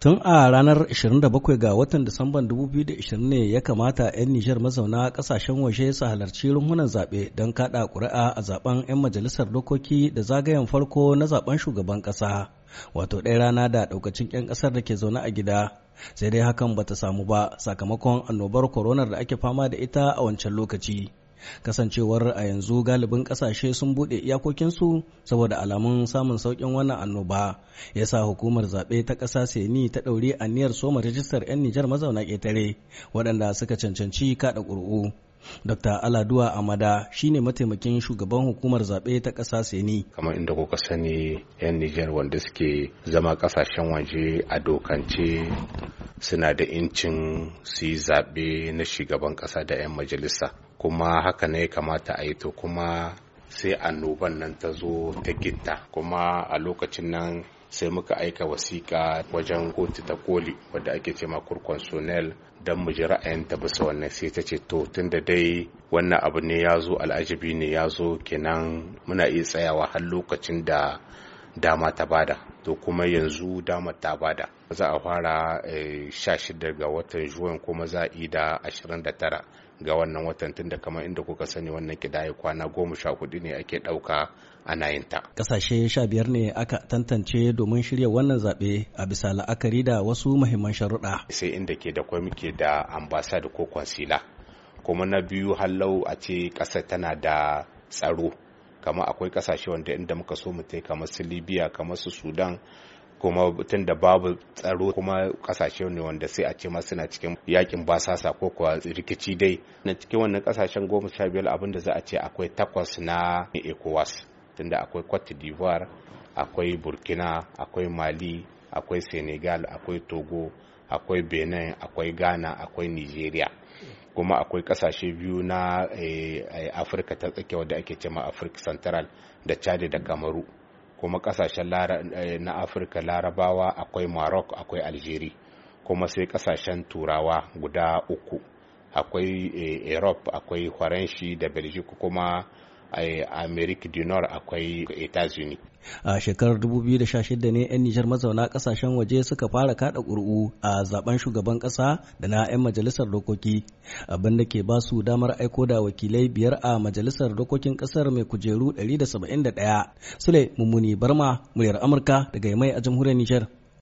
Tun a ranar 27 ga watan Disamban 2020 ne ya kamata 'yan Nijar mazauna kasashen waje su halarci runhunan zaɓe don kaɗa ƙuri'a a zaben 'yan majalisar dokoki da zagayen farko na zaben shugaban ƙasa, wato ɗaya rana da ɗaukacin 'yan ƙasar da ke zaune a gida. Sai dai hakan bata samu ba sakamakon annobar koronar da ake fama da ita a wancan lokaci. kasancewar a yanzu galibin kasashe sun buɗe iyakokinsu saboda alamun samun saukin wannan annoba ya sa hukumar zaɓe ta ƙasa seni ta ɗauri aniyar soma rajistar 'yan nijar mazauna ƙetare waɗanda suka cancanci kaɗa ƙuri'u Dr. Aladuwa Amada shine mataimakin shugaban hukumar zaɓe ta ƙasa Seni. Kamar inda kuka sani 'yan Nijar wanda suke zama ƙasashen waje a dokance suna da incin su yi zaɓe na shugaban ƙasa da 'yan majalisa. kuma haka ne kamata a yi to kuma sai annoban nan ta zo ta gitta kuma a lokacin nan sai muka aika wasiƙa wajen kotu ta koli wadda ake ce ma kurkonsonel don mu ji ra'ayinta bisa wannan sai ta ce to tunda dai wannan abu ne ya zo al'ajibi ne ya zo kenan muna iya tsayawa har lokacin da dama ta bada to kuma yanzu dama ta bada za a fara 16 eh, ga watan juwan kuma za a ida 29 ga wannan watan tunda kamar inda kuka sani wannan kidaya kwana goma sha hudu ne ake ɗauka a yin ta. Ƙasashe sha biyar ne aka tantance domin shirya wannan zaɓe a bisa la'akari da wasu muhimman sharuɗa. Sai inda ke da kwai muke da ambasad ko consular kuma na biyu hallau a ce ƙasa tana da tsaro kama akwai kasashe wanda inda muka so mu tai kamar su libya kamar su sudan kuma tun da babu tsaro kuma kasashe ne wanda sai a ce ma suna cikin yakin basasa ko kuwa rikici dai na cikin wannan kasashen goma sha biyar abin da za a ce akwai takwas na ecowas tunda akwai cote d'ivoire akwai burkina akwai mali akwai senegal akwai togo akwai benin akwai ghana akwai nigeria kuma akwai kasashe biyu na eh, eh, afirka ta tsakiya wadda ake cema afirka central da chad da kamaru kuma kasashen eh, na afirka larabawa akwai maroc akwai algeria kuma sai kasashen turawa guda uku akwai europe akwai faranshi da belgium kuma a america du nord akwai etats-unis a shekarar 2016 ne 'yan nijar mazauna kasashen waje suka fara kada ƙuri'u a zaben shugaban ƙasa da na 'yan majalisar dokoki abinda ke ba su damar aiko da wakilai biyar a majalisar dokokin ƙasar mai kujeru 171 sule mummuni barma muryar amurka daga mai a jamhuriyar nijar